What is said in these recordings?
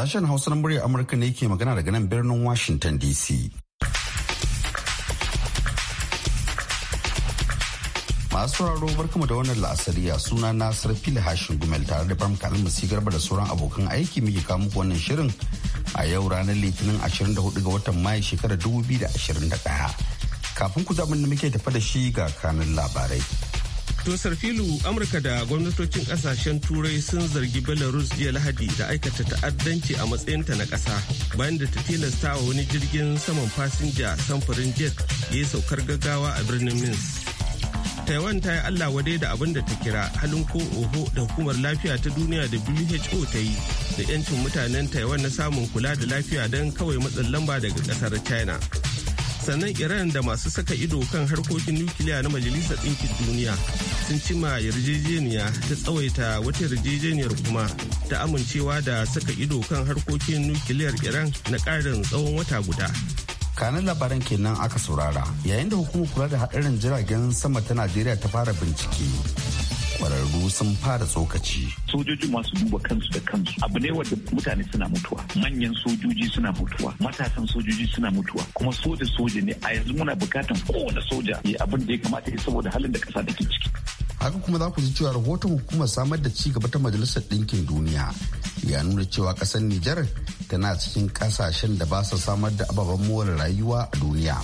Sashen Hausa na muryar Amurka ne ke magana daga nan birnin Washington DC. Masu sauraro barkamu da wannan la'asari a suna na Fili Hashin Gumel tare da Bram Kalmu Sigarba da sauran abokan aiki muke kawo muku wannan shirin a yau ranar Litinin 24 ga watan Mayu shekarar 2021. Kafin ku zaɓin da muke tafa da shi ga kanun labarai. tosar filu amurka da gwamnatocin kasashen turai sun zargi belarus jiya lahadi da aikata ta'addanci a matsayinta na ƙasa bayan da ta tilasta wa wani jirgin saman fasinja samfurin jet ya saukar gaggawa a birnin minsk taiwan ta yi allah wadai da abin da ta kira halin ko oho da hukumar lafiya ta duniya da who ta yi da 'yancin mutanen taiwan na samun kula da lafiya don kawai matsin lamba daga ƙasar china sannan iran da masu saka ido kan harkokin nukiliya na majalisar ɗinkin duniya sun cima yarjejeniya ta tsawaita wata yarjejeniyar kuma ta amincewa da saka ido kan harkokin nukiliyar iran na ƙarin tsawon wata guda kanan labaran kenan aka saurara yayin da hukumar kula da haɗarin jiragen sama ta najeriya ta fara bincike kwararru sun fara tsokaci. Sojoji masu duba kansu da kansu abu ne wanda mutane suna mutuwa manyan sojoji suna mutuwa matasan sojoji suna mutuwa kuma soja soja ne a yanzu muna bukatan kowane soja ya abin da ya kamata ya saboda halin da kasa da ke ciki. haka kuma za ku ji cewa rahoton hukumar samar da cigaba ta majalisar ɗinkin duniya ya nuna cewa ƙasar nijar tana cikin ƙasashen da ba su samar da ababen more rayuwa a duniya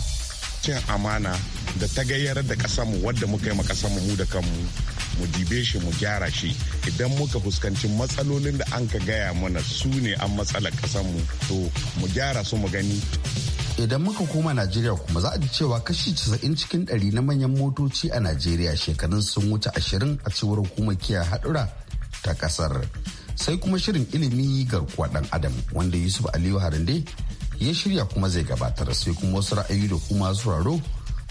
cin amana da ta gayyar da ƙasarmu wadda muka yi ma ƙasarmu mu da kanmu mu dibe shi mu gyara shi idan muka fuskanci matsalolin da an ka gaya mana su ne an matsalar mu to mu gyara su mu gani idan muka koma najeriya kuma za a ji cewa kashi casa'in cikin 100 na manyan motoci a najeriya shekarun sun wuce 20 a cewar hukumar kiyaye haɗura ta ƙasar sai kuma shirin ilimi garkuwa ɗan adam wanda yusuf aliyu harande ya shirya kuma zai gabatar sai kuma wasu ra'ayi da kuma suraro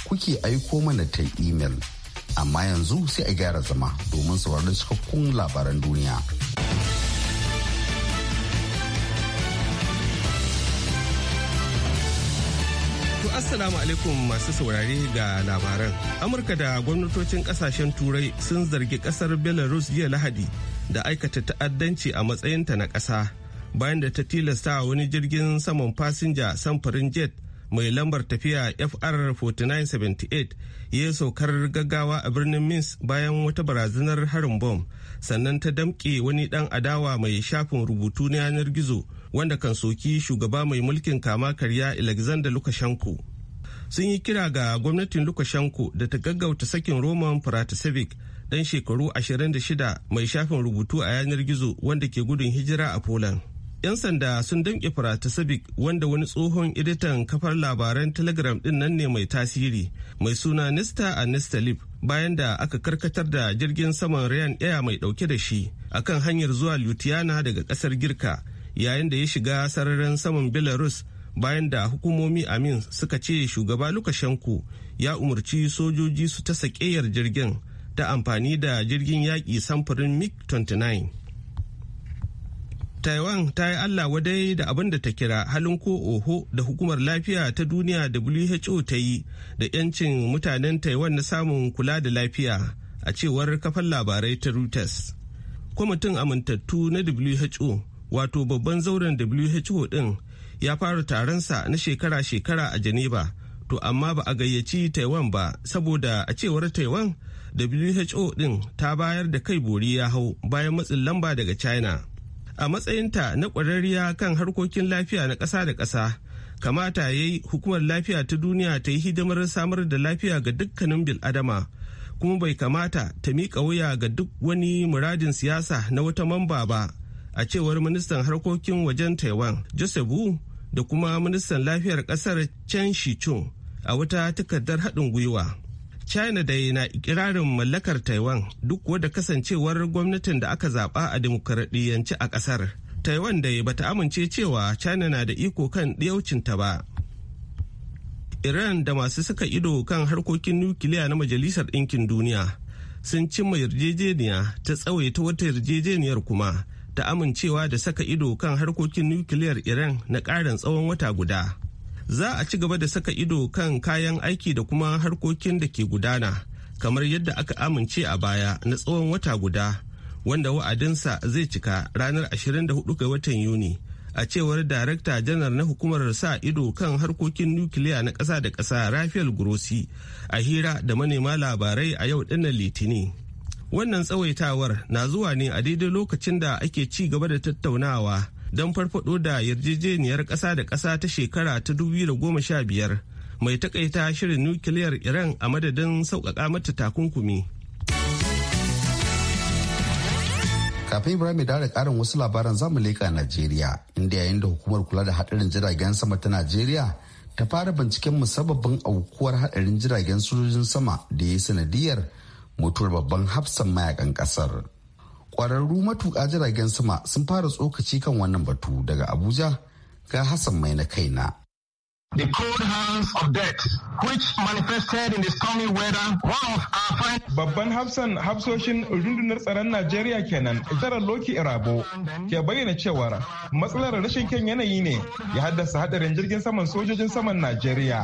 kuke aiko mana ta imel amma yanzu sai a gyara zama domin sauraron cikakkun labaran duniya. Assalamu alaikum masu saurare ga labaran. Amurka da gwamnatocin kasashen turai sun zargi kasar Belarus jiya Lahadi da aikata ta'addanci a matsayinta na ƙasa bayan da ta tilasta wani jirgin saman fasinja samfurin jet mai lambar tafiya fr 4978 ya saukar gaggawa a birnin minsk bayan wata barazanar harin bom sannan ta damƙe wani ɗan adawa mai shafin rubutu na yanar gizo wanda kan soki shugaba mai mulkin kama karya alexander lukashenko sun yi kira ga gwamnatin lukashenko da ta gaggauta sakin roman pratasevic dan shekaru 26 mai shafin rubutu a yanar gizo wanda ke gudun hijira a poland 'yan sanda sun damƙe sabik wanda wani tsohon editan kafar labaran telegram din nan ne mai tasiri mai suna Nista Anista Lip bayan da aka karkatar da jirgin saman Ryan Air mai ɗauke da shi akan hanyar zuwa Lutiana daga ƙasar Girka yayin da ya shiga sararin saman Belarus bayan da hukumomi Amin suka ce shugaba Lukashenko ya umarci sojoji su ta sakeyar jirgin ta amfani da jirgin yaƙi samfurin MiG-29. taiwan ta yi allah wadai da abin da ta kira halin ko oho da hukumar lafiya ta duniya who ta yi da 'yancin mutanen taiwan na samun kula da lafiya a cewar kafan labarai ta reuters kwamitin amintattu na who wato babban zauren who din ya fara taronsa na shekara-shekara a geneva to amma ba a gayyaci taiwan ba saboda a cewar taiwan who din ta bayar da kai bori ya hau bayan matsin lamba daga china a matsayinta na ƙwararriya kan harkokin lafiya na ƙasa da ƙasa kamata ya yi hukumar lafiya ta duniya ta yi hidimar samar da lafiya ga dukkanin bil'adama kuma bai kamata ta miƙa wuya ga duk wani muradin siyasa na wata mamba ba a cewar ministan harkokin wajen taiwan joseph wu da kuma ministan lafiyar ƙasar chen shichun a wata takardar haɗin gwiwa china dai na ikirarin mallakar taiwan duk wadda kasancewar gwamnatin da aka zaba a demokaradiyyanci a kasar taiwan dai bata amince cewa china na da iko kan ɗiyaucinta ba iran da masu saka ido kan harkokin nukiliya na majalisar ɗinkin duniya sun cimma yarjejeniya ta tsawaita wata yarjejeniyar kuma ta amincewa da saka ido kan harkokin nukiliyar iran na ƙarin tsawon wata guda za a ci gaba da saka ido kan kayan aiki da kuma harkokin da ke gudana kamar yadda aka amince a baya na tsawon wata guda wanda wa'adinsa zai cika ranar 24 ga watan yuni a cewar darakta janar na hukumar sa ido kan harkokin nukiliya na ƙasa da ƙasa rafael grossi a hira da manema labarai a yau dinnan litinin wannan tsawaitawar na zuwa ne a daidai lokacin da ake ci gaba da tattaunawa don farfado da yarjejeniyar ƙasa da ƙasa ta shekara ta 2015 mai takaita shirin nukiliyar iran a madadin sauƙaƙa mata takunkumi kafin ibrahim ya da ƙarin wasu labaran zamu leƙa najeriya inda yayin da hukumar kula da hadarin jiragen sama ta najeriya ta fara binciken musabbabin aukuwar hadarin jiragen sojojin sama da ya sanadiyar mutuwar babban hafsan mayakan ƙasar kwararru matuƙa jiragen sama sun fara tsokaci kan wannan batu daga abuja ga hassan mai na kaina the cold hands of death, which manifested in the stormy weather. One of our friends. Babban hafsan hafsoshin rundunar tsaron Najeriya kenan, Jarar Loki Irabo, ke bayyana cewar matsalar rashin kyan yanayi ne ya haddasa hadarin jirgin saman sojojin saman Najeriya,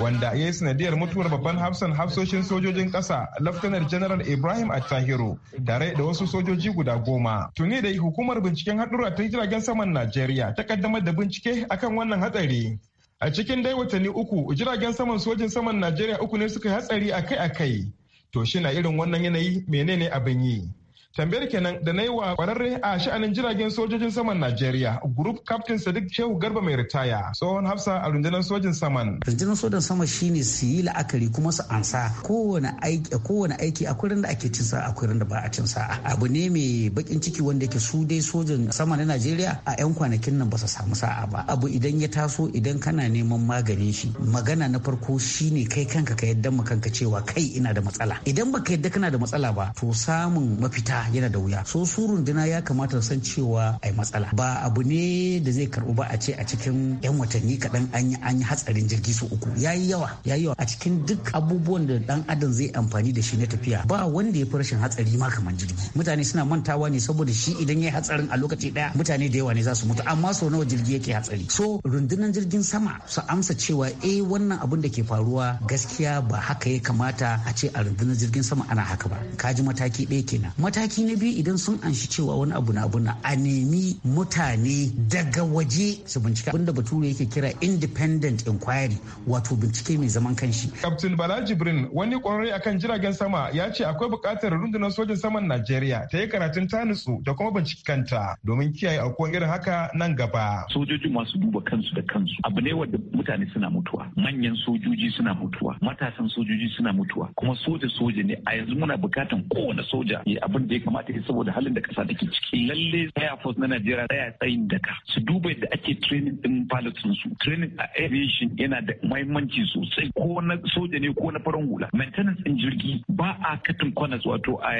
wanda ya yi sanadiyar mutuwar babban hafsan hafsoshin sojojin kasa Laftanar General Ibrahim Attahiru, tare da wasu sojoji guda goma. Tuni da hukumar binciken hadura ta jiragen saman Najeriya ta kaddamar da bincike akan wannan hatsari. a cikin dai watanni uku jiragen saman sojin saman najeriya uku ne suka yi hatsari akai-akai to shi na irin wannan yanayi menene abin yi tambayar kenan da na yi wa kwararre a sha'anin jiragen sojojin saman Najeriya group captain Sadiq Shehu Garba mai ritaya tsohon hafsa a rundunar sojin saman. Rundunar sojin sama shine su yi la'akari kuma su ansa kowane aiki kowane aiki akwai randa ake cin sa akwai randa ba a cin sa abu ne mai bakin ciki wanda yake su dai sojin sama na Najeriya a yan kwanakin nan ba su samu sa'a ba abu idan ya taso idan kana neman maganin shi magana na farko shine kai kanka ka yadda kanka cewa kai ina da matsala idan baka yadda kana da matsala ba to samun mafita yana da wuya so su runduna ya kamata san cewa ai matsala ba abu ne da zai karbu ba a ce a cikin yan watanni kaɗan an yi an yi hatsarin jirgi su uku yayi yawa yayi yawa a cikin duk abubuwan da dan adam zai amfani da shi na tafiya ba wanda ya fi rashin hatsari ma kamar jirgi mutane suna mantawa ne saboda shi idan ya yi hatsarin a lokaci ɗaya mutane da yawa ne za su mutu amma sau nawa jirgi yake hatsari so rundunar jirgin sama su amsa cewa eh wannan abin da ke faruwa gaskiya ba haka ya kamata a ce a rundunar jirgin sama ana haka ba kaji mataki ɗaya kenan mataki mataki na biyu idan sun anshi cewa wani abu na abu na a nemi mutane daga waje su bincika abinda bature yake kira independent inquiry wato bincike mai zaman kanshi. Captain Bala Jibrin wani kwararre akan jiragen sama ya ce akwai bukatar rundunar sojin saman Najeriya ta yi karatun ta da kuma bincikanta domin kiyaye aukuwar irin haka nan gaba. Sojoji masu duba kansu da kansu abu ne wanda mutane suna mutuwa manyan sojoji suna mutuwa matasan sojoji suna mutuwa kuma soja soja ne a yanzu muna bukatan kowane soja ya abin da ya kamata ya saboda halin da kasa take ciki lalle air force na najeriya tsaya tsayin daka su duba yadda ake training din sun su training a aviation yana da muhimmanci sosai ko na soja ne ko na farin hula maintenance din jirgi ba a katin kwanas wato a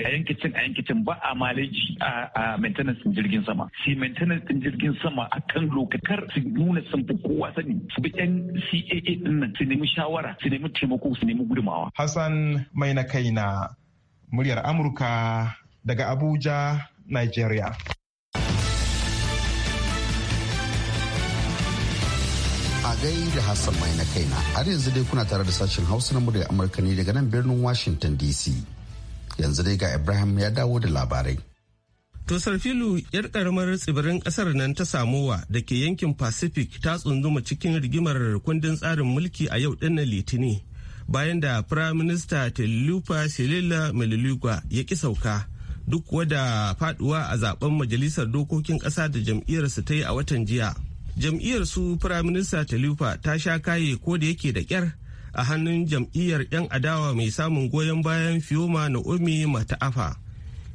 cin a cin ba a maleji a maintenance din jirgin sama si maintenance din jirgin sama a kan lokakar su nuna sun fi kowa sani su bi yan caa din nan su nemi shawara su nemi taimako su nemi gudumawa hassan mai na kai na muryar amurka daga Abuja, Nigeria. gai da Hassan mai na kaina har yanzu dai kuna tare da sashen hausa na murya amurka ne daga nan birnin washington dc yanzu dai ga ibrahim ya dawo da labarai to filu yar karamar tsibirin kasar nan ta samowa da ke yankin pacific ta tsunduma cikin rigimar kundin tsarin mulki a yau dinnan litini bayan da prime minister telupa silila meliluga ya ki sauka duk wada faduwa a zaben majalisar dokokin ƙasa da jam'iyyarsu ta yi a watan jiya jam'iyyar su firaminista talifa ta sha kaye ko da yake da kyar a hannun jam'iyyar 'yan adawa mai samun goyon bayan fioma naomi mata'afa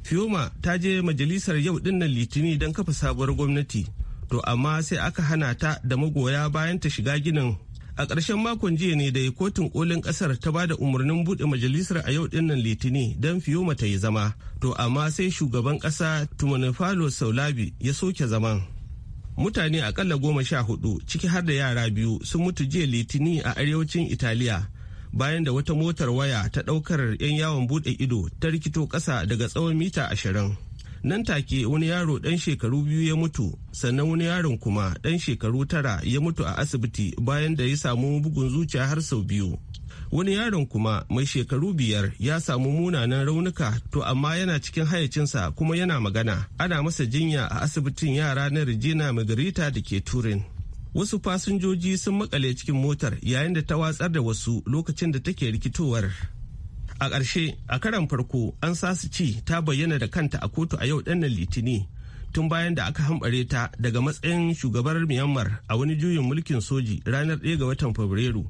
Fiyoma ta je majalisar yau dinnan litini don kafa sabuwar gwamnati to amma sai aka hana ta da magoya bayan ta shiga ginin a ƙarshen makon jiya ne da kotun kolin ƙasar ta ba da umarnin buɗe majalisar a yau dinnan litini don fiyoma ta yi zama to amma sai shugaban ƙasa tumanifalo saulabi ya soke zaman mutane akalla goma sha hudu ciki har da yara biyu sun mutu jiya litini a arewacin italiya bayan da wata motar waya ta ɗaukar 'yan yawon buɗe ido ta rikito ƙasa daga tsawon mita ashirin. nan take wani yaro dan shekaru biyu ya mutu sannan wani yaron kuma dan shekaru tara ya mutu a asibiti bayan da ya samu bugun zuciya har sau biyu wani yaron kuma mai shekaru biyar ya samu munanan raunuka to amma yana cikin hayacinsa kuma yana magana ana masa jinya a asibitin yara na regina margarita da ke turin wasu fasinjoji sun makale cikin motar yayin da ta watsar da wasu lokacin da take rikitowar a ƙarshe a karan farko an sasu ci ta bayyana da kanta a kotu a yau ɗannan litini tun bayan da aka hambare ta daga matsayin shugabar myanmar a wani juyin mulkin soji ranar ɗaya ga watan fabrairu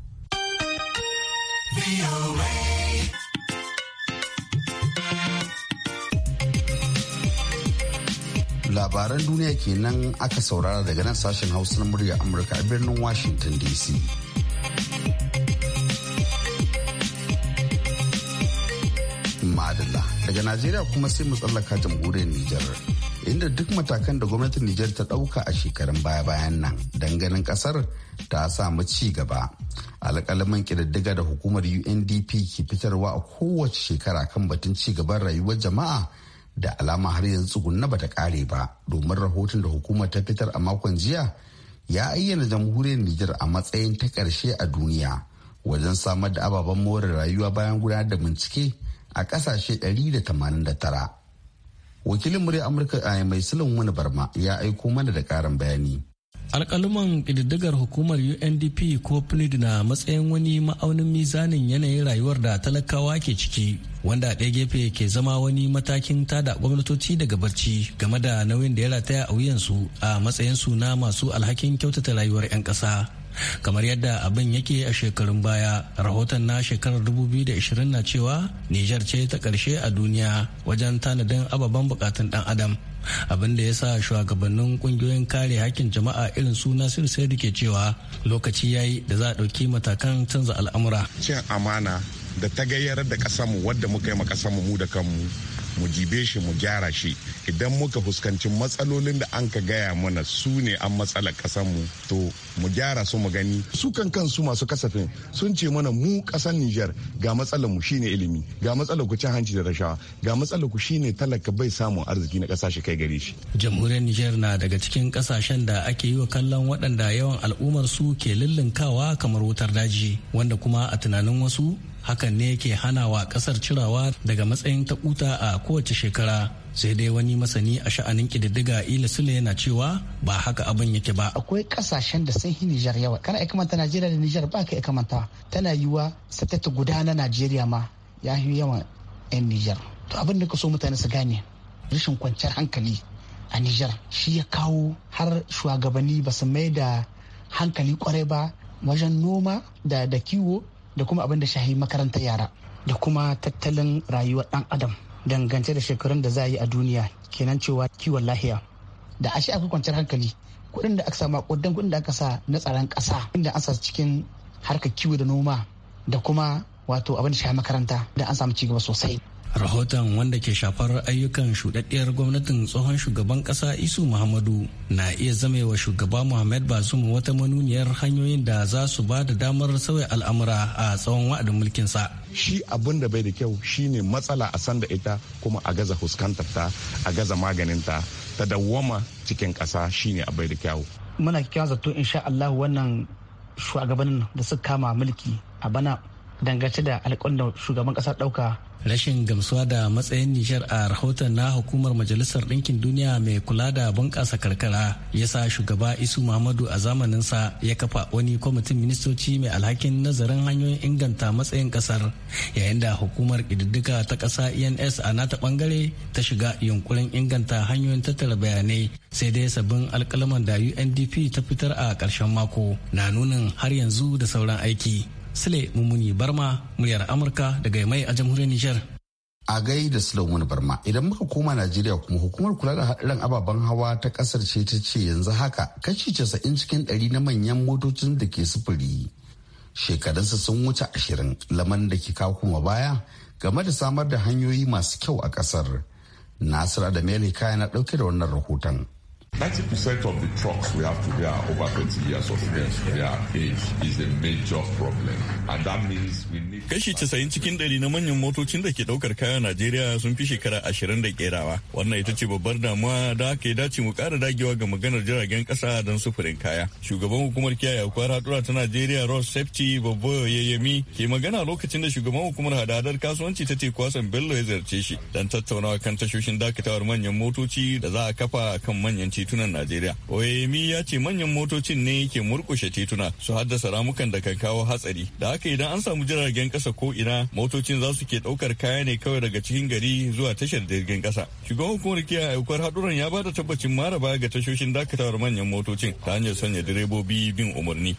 labaran duniya kenan aka saurara daga nan sashen hausa na murya amurka a birnin washington dc daga najeriya kuma sai mu tsallaka jamhuriyar nijar inda duk matakan da gwamnatin nijar ta dauka a shekarun baya-bayan nan ganin kasar ta samu ci gaba alƙalamin ƙididdiga da hukumar undp ke fitarwa a kowace shekara kan batun ci gaban rayuwar jama'a da alama har yanzu tsugunna bata kare ba domin rahoton da hukumar ta fitar a makon jiya ya ayyana jamhuriyar nijar a matsayin ta ƙarshe a duniya wajen samar da ababen more rayuwa bayan gudanar da bincike a kasashe 189 wakilin murya amurka a mai sulun wani barma ya aiko mana da karin bayani alkaluman ƙididdigar hukumar undp ko pnud na matsayin wani ma'aunin mizanin yanayin rayuwar da talakawa ke ciki wanda a ɗaya gefe ke zama wani matakin tada gwamnatoci daga barci game da nauyin da ya rataya a wuyansu a matsayinsu na masu alhakin kyautata rayuwar 'yan ƙasa kamar yadda abin yake a shekarun baya rahoton na shekarar 2020 na cewa nijar ce ta ƙarshe a duniya wajen tanadin ababen bukatun dan adam abin da ya sa shugabannin kungiyoyin kare hakkin jama'a irin su nasir da ke cewa lokaci ya yi da za a ɗauki matakan canza al'amura cin amana da ta gayar da ƙasarmu wadda muka yi ma mu da kanmu mu jibe shi mu gyara shi idan muka fuskanci matsalolin da an ka gaya mana su ne an matsala mu to mu gyara su mu gani su kan kansu masu kasafin sun ce mana mu kasan Nijar ga matsalar mu shine ilimi ga matsalar ku cin hanci da rashawa ga matsalar ku shine talaka bai samun arziki na kasashe kai gare shi jamhuriyar Nijar na daga cikin kasashen da ake yi wa kallon waɗanda yawan al'ummar su ke lullunkawa kamar wutar daji wanda kuma a tunanin wasu hakan ne ke wa kasar cirawa daga matsayin ta kuta a kowace shekara sai dai wani masani a sha'anin kididdiga ila sule yana cewa ba haka abin yake ba akwai kasashen da sun yi nijar yawa kana ya kamanta najeriya da nijar ba ka ya kamanta tana yiwa satata guda na najeriya ma ya yi yawan yan nijar to abin da ka so mutane su gane rashin kwanciyar hankali a nijar shi ya kawo har shugabanni ba su mai da hankali kwarai ba wajen noma da kiwo da kuma abin da shahi makarantar yara da kuma tattalin rayuwar dan adam dangance da shekarun da za yi a duniya kenan cewa kiwon lahiya da ashe akwai kwanciyar hankali kuɗin da aka sa makudan kuɗin da aka sa na tsaron kasa inda an sa cikin harkar kiwo da noma da kuma wato abin da shahi makaranta da an samu cigaba sosai rahoton wanda ke shafar ayyukan shuɗaɗɗiyar gwamnatin tsohon shugaban ƙasa isu muhammadu na iya zamewa shugaba muhammad bazum wata manuniyar hanyoyin da za su ba da damar sauya al'amura a tsawon wa'adin mulkinsa shi abin da bai da kyau shine matsala a sanda ita kuma a gaza fuskantar ta a gaza maganinta ta dawwama cikin ƙasa shine abai da kyau muna kyakkyawan zato insha allahu wannan shugabannin da suka kama mulki a bana dangance da alƙon shugaban ƙasar ɗauka. Rashin gamsuwa da matsayin Nijar a rahoton na hukumar Majalisar Ɗinkin Duniya mai kula da bunƙasa karkara ya sa shugaba Isu Muhammadu a zamaninsa ya kafa wani kwamitin ministoci mai alhakin nazarin hanyoyin inganta matsayin ƙasar yayin da hukumar ƙididdiga ta ƙasa ENS a nata ɓangare ta shiga yunkurin inganta hanyoyin tattara bayanai sai dai sabbin alƙalaman da UNDP ta fitar a ƙarshen mako na nunin har yanzu da sauran aiki. Sule Mumuni Barma muryar Amurka daga mai a jamhuriyar Nijar. A gai da Sulaimani Barma idan muka koma Najeriya kuma hukumar kula da haɗarin ababen hawa ta ƙasar ce ta ce yanzu haka kashi casa'in cikin ɗari na manyan motocin da ke sufuri. Shekarunsa sun wuce ashirin laman da ke kawo kuma baya game da samar da hanyoyi masu kyau a ƙasar. nasir da Meli kaya na ɗauke da wannan rahoton. 90% of the trucks we have today are over 20 years of Their age is a major problem. And that means we need... Kashi 90 cikin ɗari na manyan motocin da ke ɗaukar kayan Najeriya sun fi shekara ashirin da kerawa. Wannan ita ce babbar damuwa da aka dace mu kara dagewa ga maganar jiragen kasa don sufurin kaya. Shugaban hukumar kiyaye kwara hadura ta Najeriya Ross Safety Babbo Yayami ke magana lokacin da shugaban hukumar hadadar kasuwanci ta teku Hassan Bello ya zarce shi don tattaunawa kan tashoshin dakatawar manyan motoci da za a kafa kan manyan titunan Najeriya. Oyemi ya ce manyan motocin ne ke murkushe tituna su haddasa ramukan da kan kawo hatsari. Da haka idan an samu jiragen kasa ko ina motocin za su ke ɗaukar kaya ne kawai daga cikin gari zuwa tashar jirgin kasa. Shugaban hukumar kiyaye aikwar haɗuran ya bada tabbacin mara baya ga tashoshin dakatawar manyan motocin ta hanyar sanya direbobi bin umarni.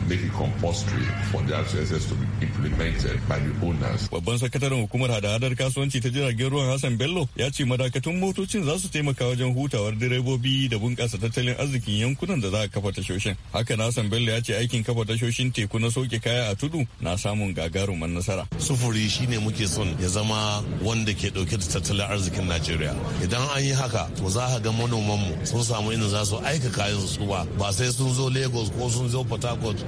Babban sakataren hukumar hada-hadar kasuwanci ta jiragen ruwan Hassan Bello ya ce madakatun motocin za su taimaka wajen hutawar direbobi da bunƙasa bunƙasa tattalin arzikin yankunan da za a kafa tashoshin. Haka Nasan Bello ya ce aikin kafa tashoshin teku na soke kaya a tudu na samun gagarumar nasara. Sufuri shine muke son ya zama wanda ke dauke da tattalin arzikin Najeriya. Idan an yi haka to za ka ga manomanmu sun samu inda za su aika kayan su ba ba sai sun zo Lagos ko sun zo Port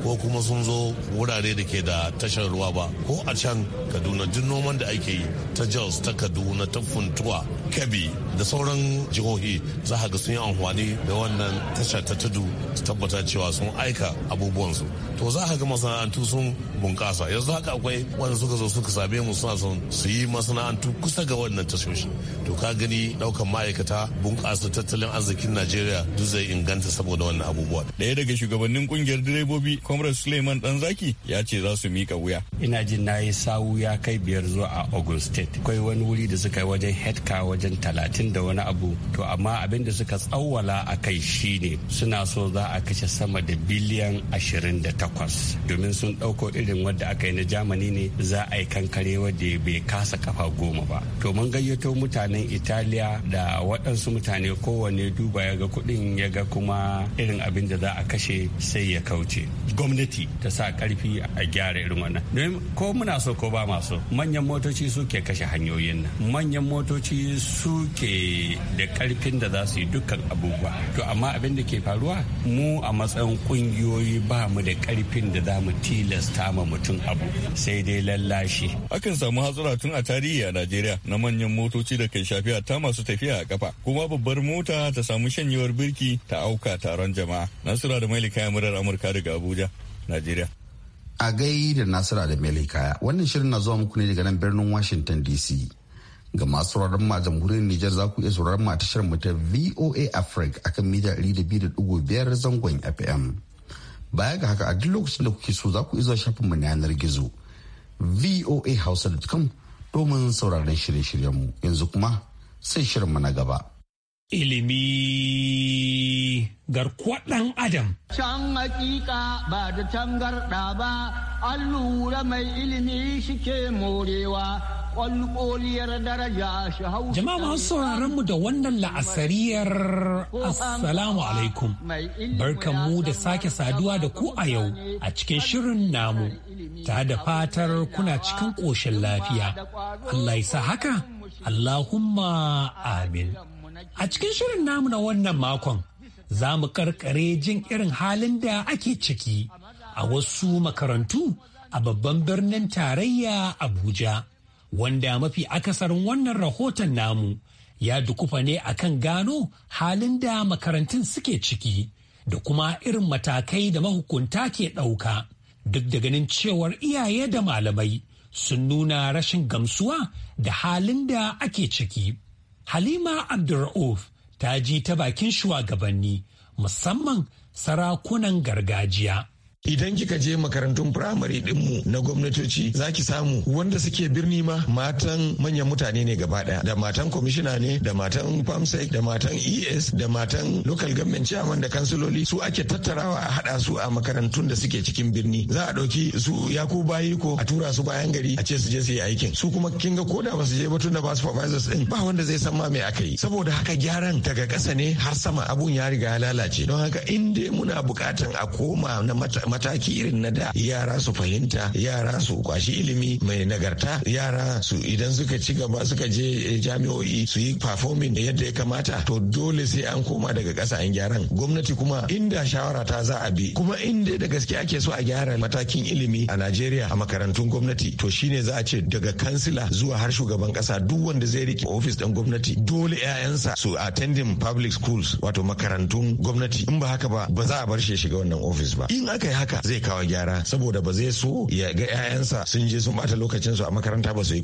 ko kuma sun zo wurare da ke da tashar ruwa ba ko a can Kaduna duk noman da ake yi ta Jos ta Kaduna ta Funtuwa Kebbi da sauran jihohi za ga sun yi amfani da wannan tasha ta tudu su tabbata cewa sun aika abubuwansu to za ga masana'antu sun bunƙasa yanzu haka akwai wanda suka zo suka same mu suna son su yi masana'antu kusa ga wannan tashoshi to ka gani ɗaukan ma'aikata bunƙasa tattalin arzikin najeriya duk zai inganta saboda wannan abubuwa ɗaya daga shugabannin kungiyar direbobi comrade suleiman danzaki ya ce za su mika wuya ina jin na yi sawu ya kai biyar zuwa a ogun state akwai wani wuri da suka yi wajen headka wajen talatin talatin da wani abu to amma abin da suka tsawwala a kai shi ne suna so za a kashe sama da biliyan ashirin da takwas domin sun ɗauko irin wadda aka yi na jamani ne za a yi kankare wadda bai kasa kafa goma ba to mun gayyato mutanen italiya da waɗansu mutane kowane duba ya ga kuɗin ya ga kuma irin abin da za a kashe sai ya kauce gwamnati ta sa ƙarfi a gyara irin wannan ko muna so ko ba maso manyan motoci suke kashe hanyoyin nan manyan motoci suke da karfin da za su yi dukkan abubuwa to amma abin da ke faruwa mu a matsayin kungiyoyi ba mu da karfin da za mu tilasta ma mutum abu sai dai lallashi akan samu hatsura tun a tarihi a najeriya na manyan motoci da kai shafi ta masu tafiya a kafa kuma babbar mota ta samu shanyewar birki ta auka taron jama'a nasura da mailika ya murar amurka daga abuja najeriya a gai da nasura da mailika wannan shirin na zuwa muku ne daga nan birnin washington dc Ga masu sauraron ma jamhuriyar Nijar za ku iya sauraron ma tashar mu ta VOA Africa akan mita 200.5 zangon FM. Baya ga haka a duk lokacin da kuke so za ku iya shafin mu na yanar gizo. hausa da voahausa.com domin sauraron shirye shiryen mu yanzu kuma sai shirin mu na gaba. ilimi garkuwa ɗan adam. Can hakika ba da tangarɗa ba, an lura mai ilimi shike morewa kwalkoliyar daraja shi Jama'a masu sauraron mu da wannan la'asariyar Assalamu alaikum. Barkan mu da sake saduwa da ku a yau a cikin shirin namu. Ta da fatar kuna cikin ƙoshin lafiya. Allah ya sa haka? Allahumma amin. A cikin shirin namu na wannan makon za mu karkare jin irin halin da ake ciki a wasu makarantu a babban birnin tarayya Abuja. wanda mafi akasarin wannan rahoton namu ya dukufa ne akan gano halin da makarantun suke ciki da kuma irin matakai da mahukunta ke ɗauka duk da ganin cewar iyaye da malamai sun nuna rashin gamsuwa da halin da ake ciki. Halima Abdur'uf ta ji ta bakin shugabanni musamman sarakunan gargajiya. idan kika je makarantun firamare dinmu na gwamnatoci za ki samu wanda suke birni ma matan manyan mutane ne gaba daya da matan kwamishina ne da matan famsec da matan es da matan local government chairman da kansiloli su ake tattarawa a hada su a makarantun da suke cikin birni za a dauki su yaku bayi ko a tura su bayan gari a ce su je su yi aikin su kuma kin ga koda ba su je ba tunda ba supervisors din ba wanda zai san ma me aka yi saboda haka gyaran daga kasa ne har sama abun ya riga ya lalace don haka in dai muna bukatan a koma na mata mataki irin na da yara su fahimta yara su kwashi ilimi mai nagarta yara su idan suka ci gaba suka je eh, jami'o'i su yi performing yadda ya kamata to dole sai an koma daga kasa an gyaran gwamnati kuma inda shawara ta za a bi kuma inda da gaske ake so a gyara matakin ilimi a Najeriya a makarantun gwamnati to shine za a ce daga kansila zuwa har shugaban kasa duk wanda zai rike ofis ɗin gwamnati dole 'ya'yansa su attending public schools wato makarantun gwamnati in ba haka ba ba za a bar shi shiga wannan ofis ba in aka yi haka zai kawo gyara saboda ba zai so ya ga 'ya'yansa sun je sun bata lokacin su a makaranta ba su yi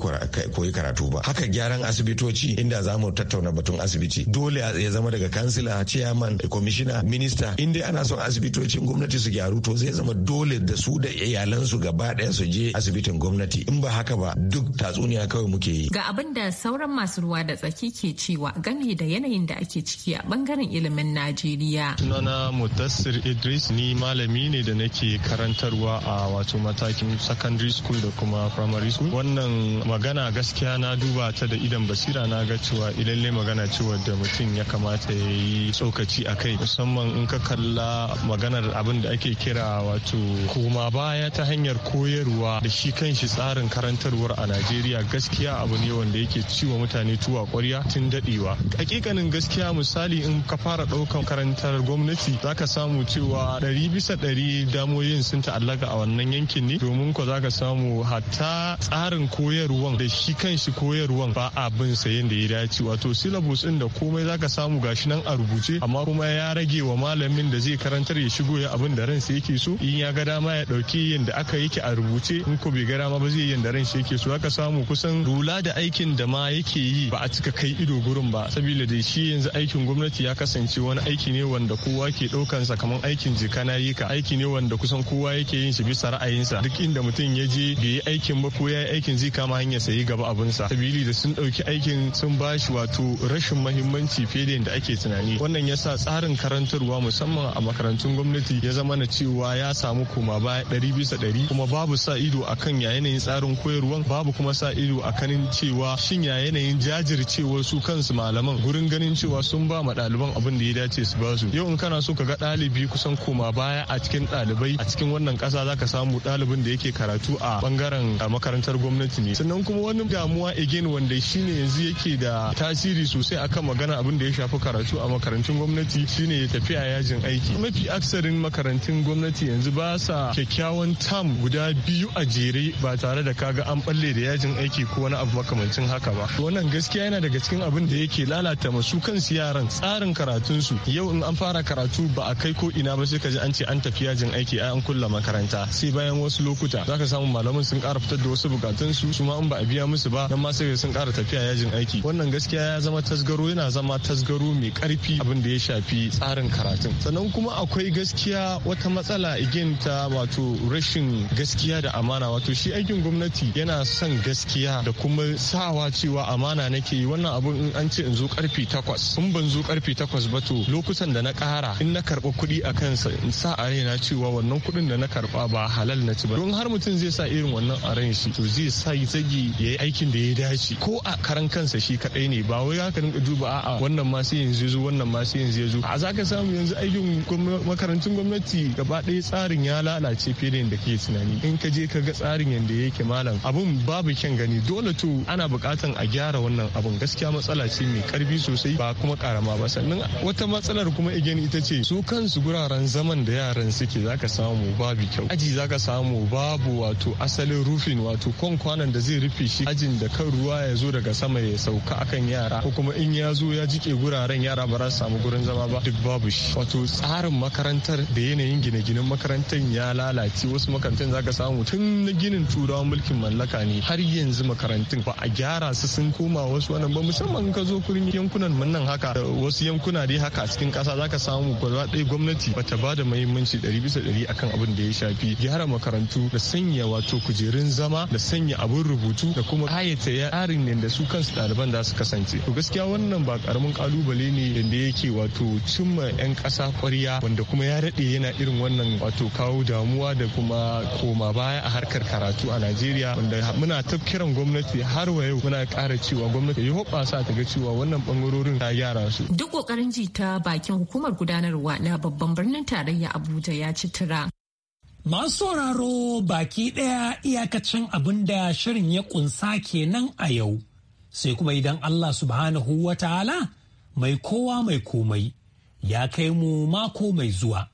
koyi karatu ba haka gyaran asibitoci inda za mu tattauna batun asibiti dole ya zama daga kansila chairman kwamishina minista inda ana son asibitocin gwamnati su gyaru to zai zama dole da su da iyalansu gaba ɗaya su je asibitin gwamnati in ba haka ba duk tatsuniya kawai muke yi ga abin da sauran masu ruwa da tsaki ke cewa game da yanayin da ake ciki a bangaren ilimin najeriya sunana mutassir idris ni malami ne da na yake karantarwa a wato matakin secondary school da kuma primary school wannan magana gaskiya na duba ta da idan basira na ga cewa ilalle magana cewa da mutum ya kamata ya yi tsokaci a kai musamman in ka kalla maganar abin da ake kira wato koma baya ta hanyar koyarwa da shi kanshi tsarin karantarwar a najeriya gaskiya abu ne wanda yake ciwo mutane tuwa kwarya tun dadewa hakikanin gaskiya misali in ka fara ɗaukar karantar gwamnati zaka samu cewa ɗari bisa ɗari damoyin sun ta'allaka a wannan yankin ne domin ko zaka samu hatta tsarin koyarwan da shi kan shi koyarwan ba bin sa yanda ya dace wato syllabus din da komai zaka samu gashi nan a rubuce amma kuma ya rage wa malamin da zai karantar ya shigo ya abin da ransa yake so in ya ga dama ya dauki yanda aka yake a rubuce in ko bai ga dama ba zai yanda ransa yake so zaka samu kusan rula da aikin da ma yake yi ba a cika kai ido gurin ba saboda da shi yanzu aikin gwamnati ya kasance wani aiki ne wanda kowa ke sa kamar aikin jika na yi ka aiki ne wanda da kusan kowa yake yin shi bisa ra'ayinsa duk inda mutum ya je bai yi aikin ba ko ya yi aikin zai kama hanyar sayi gaba abinsa sabili da sun ɗauki aikin sun bashi wato rashin mahimmanci fiye da yadda ake tunani wannan ya sa tsarin karantarwa musamman a makarantun gwamnati ya zama na cewa ya samu koma baya ɗari bisa ɗari kuma babu sa ido a kan ya yanayin tsarin koyarwan babu kuma sa ido a akan cewa shin ya yanayin jajircewar su kansu malaman gurin ganin cewa sun ba ma ɗaliban abin da ya dace su ba su yau in kana so ka ga ɗalibi kusan koma baya a cikin ɗalibi dalibai a cikin wannan kasa zaka samu dalibin da yake karatu a bangaren makarantar gwamnati ne sannan kuma wani damuwa again wanda shine yanzu yake da tasiri sosai akan magana abin da ya shafi karatu a makarantun gwamnati shine ya tafi a yajin aiki mafi aksarin makarantun gwamnati yanzu ba sa kyakkyawan tam guda biyu a jere ba tare da kaga an balle da yajin aiki ko wani abu makamancin haka ba wannan gaskiya yana daga cikin abin da yake lalata masu kansu yaran tsarin karatunsu yau in an fara karatu ba a kai ko ina ba sai ka ji an ce an tafi yajin aiki aiki a an kulla makaranta sai bayan wasu lokuta zaka samu malaman sun kara fitar da wasu bukatun su su ma in ba a biya musu ba nan ma sai sun kara tafiya yajin aiki wannan gaskiya ya zama tasgaro yana zama tasgaro mai karfi abin da ya shafi tsarin karatun sannan kuma akwai gaskiya wata matsala igin ta wato rashin gaskiya da amana wato shi aikin gwamnati yana son gaskiya da kuma sawa cewa amana nake yi wannan abun in an ce in zo karfi takwas in ban zo karfi takwas ba to lokutan da na kara in na karɓa kuɗi a kansa in sa a raina cewa cewa wannan kudin da na karba ba halal na ci ba don har mutum zai sa irin wannan a shi to zai sa zagi ya aikin da ya dace ko a karan kansa shi kadai ne ba wai haka rinka duba a'a wannan ma sai yanzu zo wannan ma sai yanzu zo a zaka samu yanzu aikin makarantun gwamnati gaba ɗaya tsarin ya lalace fiye da yadda kake tunani in ka je ka ga tsarin yanda yake malam abun babu kyan gani dole to ana buƙatan a gyara wannan abun gaskiya matsala ce mai karfi sosai ba kuma karama ba sannan wata matsalar kuma igen ita ce su kansu guraren zaman da yaran suke za zaka samu babu kyau aji zaka samu babu wato asalin rufin wato kwan kwanan da zai rufe shi ajin da kan ruwa ya zo daga sama ya sauka akan yara ko kuma in ya zo ya jike guraren yara ba za su samu gurin zama ba duk babu shi wato tsarin makarantar da yanayin gine-ginen makarantar ya lalace wasu makarantar zaka samu tun na ginin turawan mulkin mallaka ne har yanzu makarantun ba a gyara su sun koma wasu wannan ba musamman ka zo kurin yankunan mun nan haka wasu yankuna dai haka cikin kasa zaka samu gaba ɗaya gwamnati bata ba da muhimmanci ɗari bisa ɗari akan abin da ya shafi gyara makarantu da sanya wato kujerun zama da sanya abin rubutu da kuma ayata yarin ne da su kansu ɗaliban da su kasance to gaskiya wannan ba karamin kalubale ne da yake wato cimma 'yan ƙasa kwariya wanda kuma ya daɗe yana irin wannan wato kawo damuwa da kuma koma baya a harkar karatu a najeriya wanda muna tafkiran gwamnati har wa yau muna kara cewa gwamnati ya hoɓasa ta ga cewa wannan bangarorin ta gyara su duk ƙoƙarin ji ta bakin hukumar gudanarwa na babban birnin tarayya abuja ya ci sutura. Masu sauraro baki ɗaya iyakacin abin da shirin ya ƙunsa kenan a yau, sai kuma idan Allah subhanahu wa ta'ala mai kowa mai komai ya kai mu mako mai zuwa,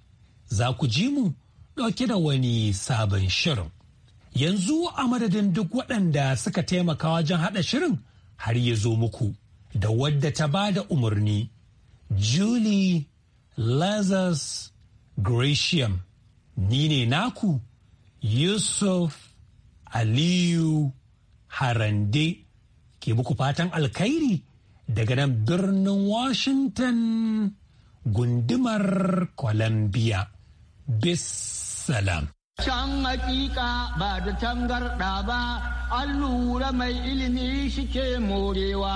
za ku ji mu ɗauke da wani sabon shirin. Yanzu a madadin duk waɗanda suka taimaka wajen haɗa shirin har ya zo muku da wadda ta ba da umarni, Julie Lazarus Gratiam. ni ne naku yusuf aliyu harande ke muku fatan alkhairi daga nan birnin washington gundumar columbia bisalam Can hakika ba da tangarɗa ba, an mai ilimi shi ke morewa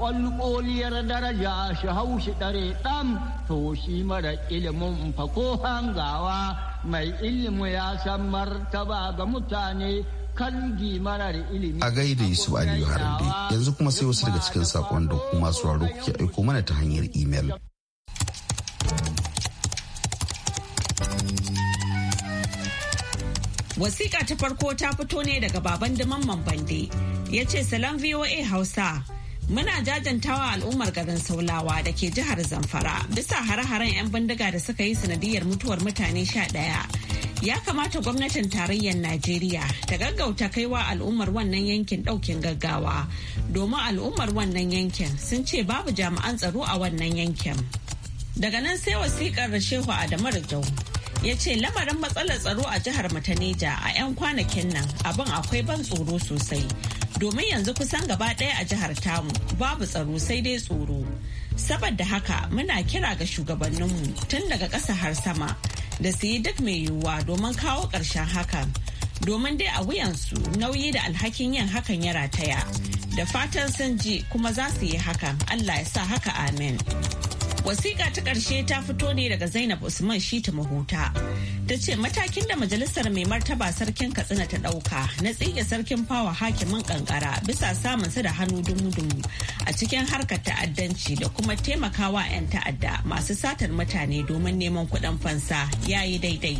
ƙwalƙoliyar daraja shi haushi ɗare ɗan to shi mara ilimin fa ko hangawa mai ilimi ya san martaba ga mutane kangi marar ilimi. A gaida Yusuf Aliyu Harande yanzu kuma sai wasu daga cikin saƙon da kuma sauraro kuke aiko mana ta hanyar imel. Wasiƙa ta farko ta fito ne daga baban diman bande ya ce salon VOA Hausa. Muna jajantawa al'ummar garin Saulawa da ke jihar Zamfara bisa hare-haren 'yan bindiga da suka yi sanadiyar mutuwar mutane sha ɗaya. Ya kamata gwamnatin tarayyar Najeriya ta gaggauta kaiwa al'ummar wannan yankin ɗaukin gaggawa domin al'ummar wannan yankin sun ce babu jami'an tsaro a wannan yankin. Daga nan sai wasiƙar Shehu Adamu jau ya ce lamarin matsalar tsaro a jihar Mataneja a 'yan kwanakin nan abin akwai ban tsoro sosai. domin yanzu kusan gaba ɗaya a jihar tamu babu tsaro sai dai tsoro saboda haka muna kira ga shugabanninmu tun daga ƙasa har sama da su yi duk mai yiwuwa domin kawo ƙarshen hakan domin dai a wuyansu nauyi da alhakin yin hakan ya rataya da fatan sun ji kuma za su yi hakan allah ya sa haka amen wasiƙa ta ƙarshe ta fito ne daga zainab usman ta mahuta ta ce matakin da majalisar mai martaba sarkin katsina ta dauka na tsige sarkin fawa hakimin kankara bisa samun samunsa da hannu dumu-dumu a cikin harkar ta'addanci da kuma taimakawa 'yan ta'adda masu satar mutane domin neman kuɗin fansa ya yi daidai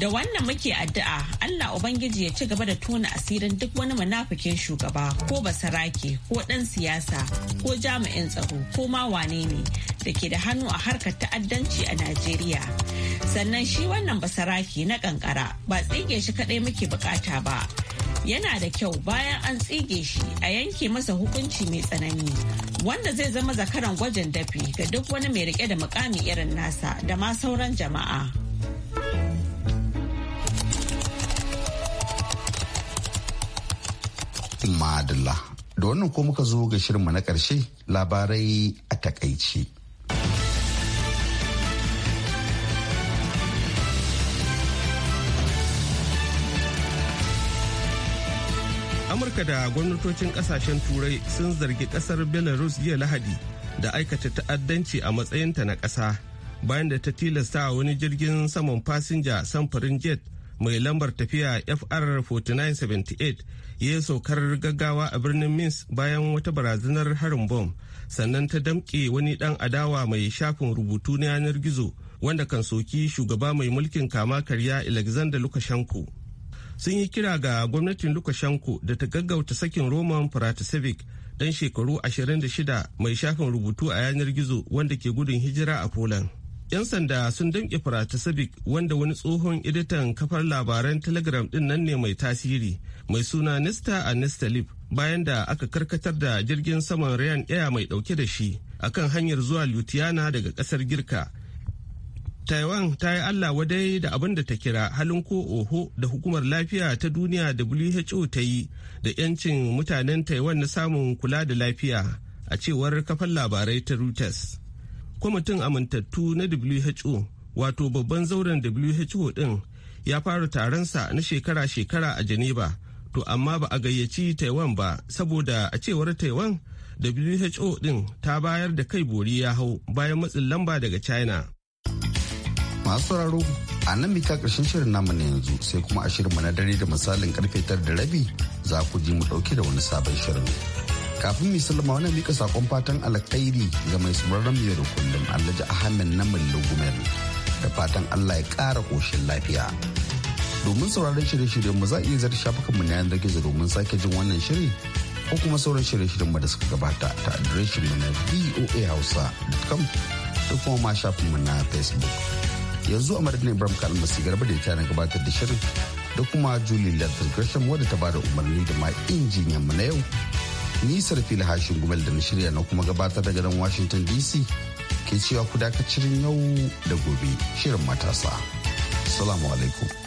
da wannan muke addu'a allah ubangiji ya ci gaba da tona asirin duk wani munafikin shugaba ko basarake ko ɗan siyasa ko jami'in tsaro ko ma wane ne da ke da hannu a harkar ta'addanci a najeriya sannan shi wannan basaraki na kankara ba tsige shi kadai muke bukata ba yana da kyau bayan an tsige shi a yanke masa hukunci mai tsanani wanda zai zama zakaran gwajin dafi ga duk wani mai rike da mukami irin nasa da ma sauran jama'a madalla da wannan ko muka zo ga shirinmu na karshe labarai a takaice. amurka da gwamnatocin kasashen turai sun zargi kasar belarus jiya lahadi da aikata ta'addanci a matsayinta na ƙasa bayan da ta tilasta wani jirgin saman fasinja samfurin jet mai lambar tafiya fr 4978 ya saukar gaggawa a birnin minsk bayan wata barazanar harin bom sannan ta damƙe wani ɗan adawa mai shafin rubutu na yanar gizo wanda kan soki shugaba mai mulkin kama karya alexander lukashenko sun yi kira ga gwamnatin lukashenko da ta gaggauta sakin roman pratisevic dan shekaru 26 mai shafin rubutu a yanar gizo wanda ke gudun hijira a poland yan sanda sun damƙe pratisevic wanda wani tsohon editan kafar labaran telegram din nan ne mai tasiri mai suna nista a lip bayan da aka karkatar da jirgin saman ryan air mai dauke da shi akan hanyar zuwa lutiana daga kasar girka Taiwan ta yi Allah wadai da abin da ta kira halin ko oho da hukumar lafiya ta duniya WHO ta yi da 'yancin mutanen Taiwan na samun kula da lafiya a cewar kafan labarai ta Reuters. Kwamitin amintattu na WHO wato babban zauren WHO din ya fara taronsa na shekara-shekara a Geneva to amma ba a gayyaci Taiwan ba saboda a cewar Taiwan WHO din ta bayar da kai bori ya hau bayan matsin lamba daga China. masu sauraro a nan mika karshen shirin namu na yanzu sai kuma a shirinmu na dare da misalin karfe tara da rabi za ku ji mu dauke da wani sabon shirin kafin mu sallama wannan mika sakon fatan alkhairi ga mai sauraron mu da kullum alhaji ahmed namal lugumel da fatan allah ya kara koshin lafiya domin sauraron shirye-shiryen mu za a iya zata shafukanmu na yanar gizo domin sake jin wannan shirin ko kuma sauran shirye-shiryen mu da suka gabata ta adireshin mu na voahausa.com da kuma ma shafinmu na facebook yanzu a madadin ibrahim kalmar masu garba da ita na gabatar da shirin da kuma julie lantar gresham wadda ta bada umarni da ma injiniyan mu na yau ni sarfi hashin gumel da na shirya na kuma gabatar da garin washington dc ke cewa ku dakacin yau da gobe shirin matasa salamu alaikum